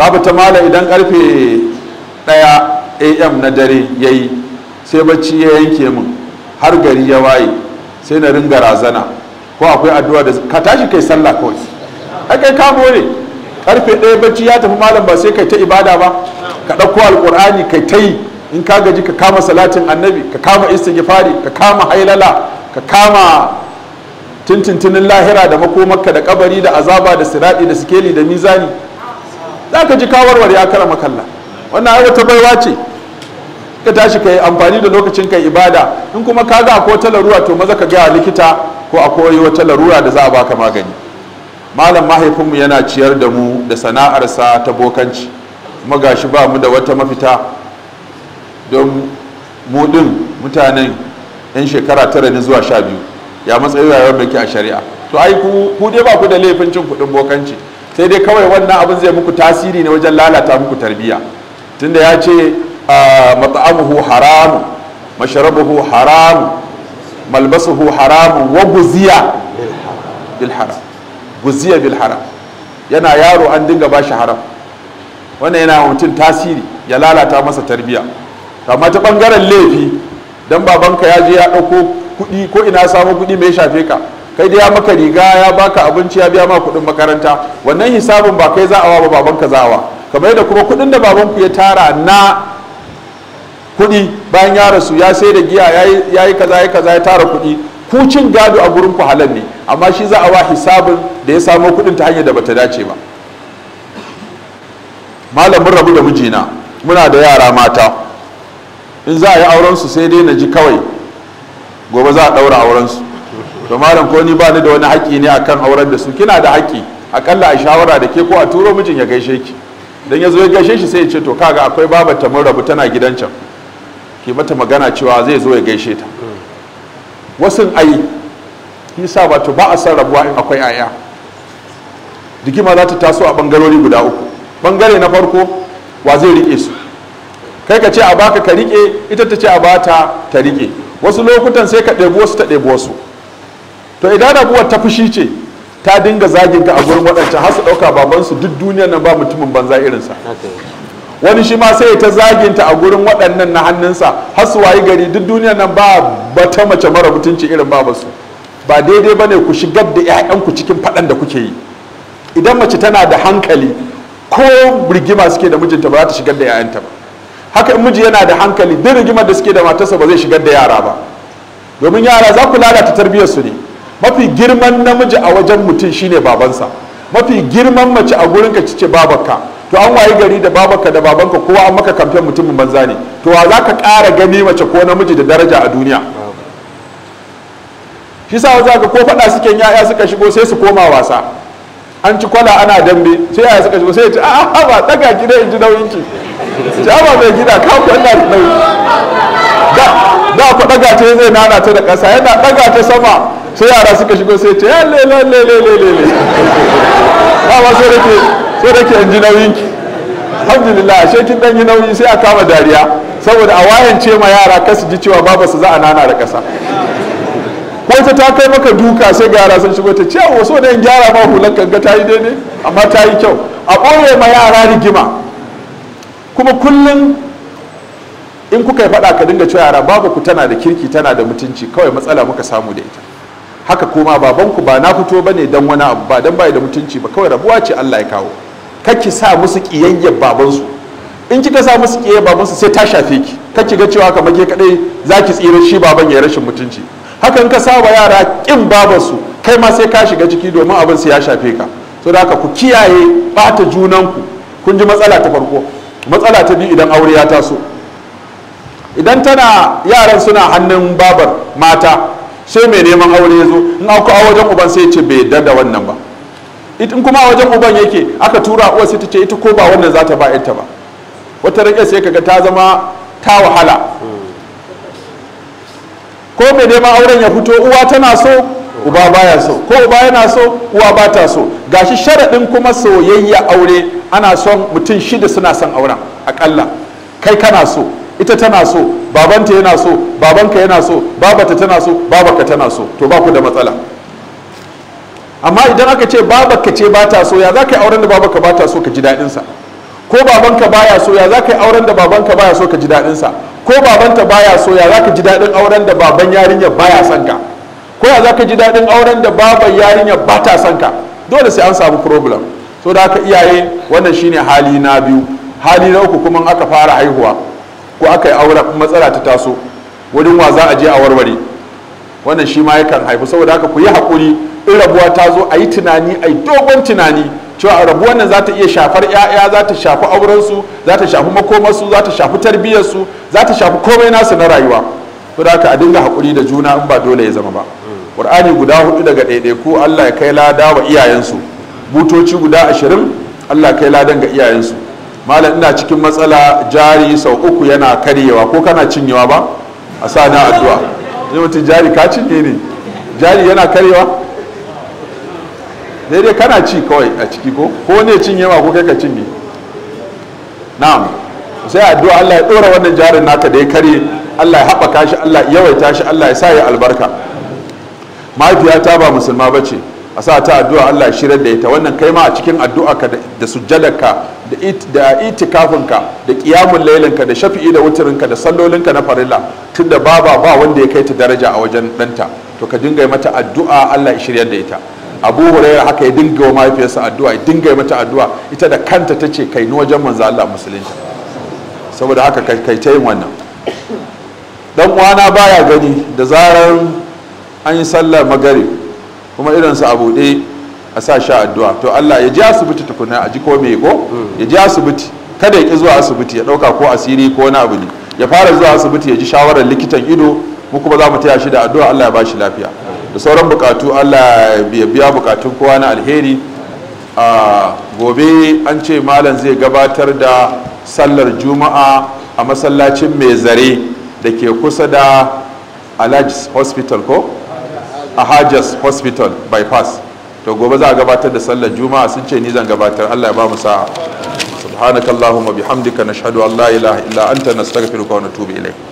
ta mala idan karfe daya am na dare ya yi sai bacci ya yanke min har gari ya waye sai na ringa razana ko akwai addu'a da ka tashi kai sallah kawai kai kamo ne karfe ɗaya bacci ya tafi malam ba sai kai ta ibada ba ka ɗauko alkur'ani kai ta yi in ka gaji ka kama salatin annabi ka kama istighfari ka kama hailala ka kama tintintinin lahira da makomarka da kabari da azaba da siradi da sikeli da mizani za ka ji kawarwar ya karama kalla wannan ai ta baiwa ce ka tashi ka yi amfani da lokacin ka ibada in kuma ka ga akwai wata larura to maza ka gaya likita ko akwai wata larura da za a baka magani malam mahaifinmu yana ciyar da mu da sana'arsa ta bokanci kuma gashi ba mu da wata mafita don mu din mutanen yan shekara tara ne zuwa sha biyu ya matsayi rayuwar da ke a shari'a to ai ku dai ba ku da laifin cin kuɗin bokanci sai dai kawai wannan abin zai muku tasiri ne wajen lalata muku tarbiya tunda ya ce ah, haramu masharabuhu haramu malbasuhu haramu wa guziya bil guziya bil yana yaro an dinga bashi haram wannan yana mutum tasiri ya lalata masa tarbiya amma ta bangaren laifi dan babanka ya je ya dauko kuɗi ko ina samu kuɗi mai shafe ka kai da ya maka riga ya baka abinci ya biya ma kuɗin makaranta wannan hisabin ba kai za'awa ba babanka za'awa kamar yadda kuma kuɗin da babanku ya tara na kuɗi bayan ya rasu ya sai da giya ya yi kaza ya kaza ya tara kuɗi ku cin gado a gurin ku halal ne amma shi za a za'awa hisabin da ya samo kuɗin ta hanyar da bata dace ba malamin rabu da mijina muna da yara mata in za a yi auren su sai dai na ji kawai gobe za a ɗaura auren su to malam ko ni ba ni da wani haƙƙi ne akan auren da su kina da haƙƙi akalla a shawara da ke ko a turo mijin ya gaishe ki dan ya zo ya gaishe shi sai ya ce to kaga akwai baba ta mun rabu tana gidan can ki mata magana cewa zai zo ya gaishe ta wasu ai sa ba to ba a san rabuwa in akwai aya rigima za ta taso a bangarori guda uku bangare na farko wa zai rike su kai ka ce a baka ka rike ita ta ce a bata ta rike wasu lokutan sai ka ɗebi wasu ta ɗebi wasu to idan abuwa ta fushi ce ta dinga zagin ka a gurin waɗancan har su ɗauka su duk duniyar nan ba mutumin banza irinsa wani shi ma sai ta zagin ta a gurin waɗannan na hannunsa har su wayi gari duk duniyar nan ba bata mace mara mutunci irin su ba daidai bane ku shigar da 'ya'yanku cikin faɗan da kuke yi idan mace tana da hankali ko rigima suke da mijinta ba za ta shigar da 'ya'yanta ba haka in miji yana da hankali duk rigimar da suke da matarsa ba zai shigar da yara ba domin yara za ku lalata tarbiyyarsu ne mafi girman namiji a wajen mutum shine babansa mafi girman mace a gurinka ce babanka to an waye gari da babanka da babanka kowa an maka kamfen mutumin banza ne to wa za ka ƙara gani mace ko namiji da daraja a duniya shi sa ka ko faɗa suke ya'ya suka shigo sai su koma wasa an ci kwala ana dambe sai ya'ya suka shigo sai ya ce a'a ba daga ki in nauyin ki ci ba mai gida ka kwalla da nauyi da ku zai nana ta da ƙasa yana ɗaga ta sama sai yara suka shigo sai ce yalle lalle lalle lalle ba ma sai rake sai rake nauyin ki alhamdulillah ashe kin dan yi nauyi sai a kama dariya saboda a wayance ma yara kasu ji cewa baba su za a nana da kasa ko ta ta kai maka duka sai ga yara sun shigo ta ce wa so da gyara ma hulan kanga ta yi daidai amma ta yi kyau a ɓoye ma yara rigima kuma kullum in kuka yi faɗa ka dinga cewa yara babu ku tana da kirki tana da mutunci kawai matsala muka samu da ita haka kuma babanku ba na fito bane don wani abu ba don bai da mutunci ba kawai rabuwa ce Allah ya kawo kake sa musu kiyayyar babansu in kika sa musu kiyayyar babansu sai ta shafe ki kake ga cewa kamar ke kadai zaki tsira shi baban ya rashin mutunci haka in ka sa wa yara kin babansu kai ma sai ka shiga ciki domin abin sai ya shafe ka so da haka ku kiyaye bata junanku kun ji matsala ta farko matsala ta biyu idan aure ya taso idan tana yaran suna hannun babar mata sai mai neman aure ya zo in auku a wajen uban sai ce bai da wannan ba in kuma a wajen uban yake aka tura uwa sai ta ce ita ko ba wanda za ta ba ita ba wata rike sai kaga ta zama ta wahala ko mai neman auren ya fito uwa tana so uba baya so ko uba yana so uwa ba ta so gashi sharaɗin kuma soyayya aure ana son mutum shida suna son auren akalla kai kana so ita tana so babanta yana so babanka yana so babata tana so babaka tana so to ba ku da matsala amma idan aka ce babaka ce ba ta so ya za ka yi auren da babaka ba ta so ka ji daɗinsa ko babanka baya so ya za ka yi auren da babanka baya so ka ji daɗinsa ko babanta baya so ya za ka ji daɗin auren da baban yarinyar baya son ka ko ya za ka ji daɗin auren da baban yarinyar ba ta son ka dole sai an samu problem so da aka iyaye wannan shine hali na biyu hali na uku kuma aka fara haihuwa ko aka yi aure auren matsala ta taso wurin wa za a je a warware wannan shi ma yakan haifu saboda haka ku yi haƙuri in rabuwa ta zo a yi tunani a yi dogon tunani cewa rabuwan nan za ta iya shafar 'ya'ya za ta shafi aurensu za ta shafi makomarsu za ta shafi tarbiyyarsu za ta shafi komai nasu na rayuwa saboda haka a dinga haƙuri da juna in ba dole ya zama ba ƙur'ani guda hudu daga ɗaiɗaiku allah ya kai lada wa iyayensu butoci guda ashirin allah kai ladan ga iyayensu malam ina cikin matsala jari sau uku yana karyewa ko kana cinyewa ba a sa na addu'a zai mutum jari ka cinye ne jari yana karyewa daidai kana ci kawai a ciki ko ko ne cinyewa ko kai ka cinye na'am sai addu'a Allah ya dora wannan jarin naka da ya karye Allah ya haɓaka shi Allah ya yawaita shi Allah ya sa ya albarka mahaifiyata ba musulma bace ce a sa ta addu'a Allah ya shirar da ita wannan kai ma a cikin addu'a ka da sujjadarka da ka da kiyamun ka da shafi'i da ka da ka na farilla tunda baba ba wanda ya kai ta daraja a wajen danta to ka dinga mata addu'a Allah ya shiryar da ita abu Hurairah haka ya dinga wa mahaifiyarsa addu'a ya dinga mata addu'a ita da kanta ta ce kai ni wajen manzo Allah musulunci saboda haka kai ta yin wannan dan uwana baya gani da zarar an yi sallar magarib kuma irin su a buɗe a sa sha addu'a to Allah ya ji asibiti tukuna a ji ko me ko ya ji asibiti kada ya ki zuwa asibiti ya ɗauka ko asiri ko wani abu ne ya fara zuwa asibiti ya ji shawarar likitan ido mu kuma za mu taya shi da addu'a Allah ya bashi lafiya da sauran bukatu Allah ya biya bukatun kowa na alheri a gobe an ce malam zai gabatar da sallar juma'a a masallacin mai zare da ke kusa da alhaji hospital ko a hajjas hospital bypass to gobe za a gabatar da sallar juma'a sun ce ni zan gabatar Allah ya ba mu sa'a subhanakallahumma bihamdika nashhadu an la ilaha illa anta nastaghfiruka wa natubu ilayk